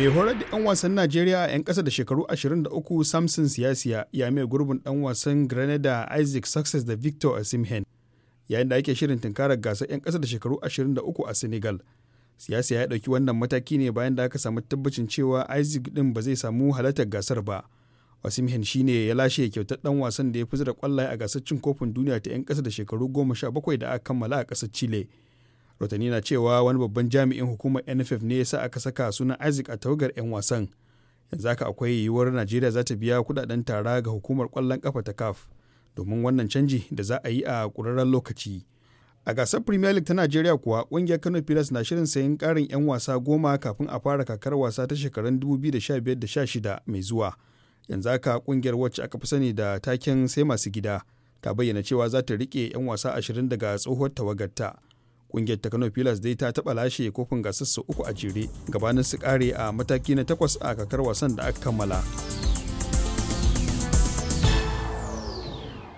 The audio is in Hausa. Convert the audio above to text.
mai horar da 'yan wasan najeriya a 'yan kasa da shekaru 23 samson siyasiya ya mai gurbin ɗan wasan grenada isaac success da victor asimhen yayin da ake shirin tunkarar gasar 'yan kasa da shekaru 23 a senegal siyasa ya dauki wannan mataki ne bayan da aka samu tabbacin cewa isaac din ba zai samu halartar gasar ba shi shine ya lashe kyautar dan wasan da ya fi zira kwallaye a gasar cin kofin duniya ta 'yan kasa da shekaru 17 da aka kammala a kasar chile rotani na cewa wani babban jami'in hukumar nff ne yasa aka saka sunan isaac a tawagar 'yan wasan yanzu haka akwai yiwuwar najeriya za ta biya kudaden tara ga hukumar kwallon kafa ta caf domin wannan canji da za a yi a kurarren lokaci a gasar premier league ta najeriya kuwa kungiyar kano pilas na shirin sayan karin 'yan wasa goma kafin a fara kakar wasa ta shekarun 2015-16 mai zuwa yanzu haka ƙungiyar wacce aka fi sani da taken sai masu gida ta bayyana cewa za ta riƙe 'yan wasa ashirin daga tsohuwar tawagarta. Ƙungiyar Takano pilas dai ta taɓa lashe kofin gasar sau uku a jere gabanin su kare a mataki na takwas a kakar wasan da aka kammala.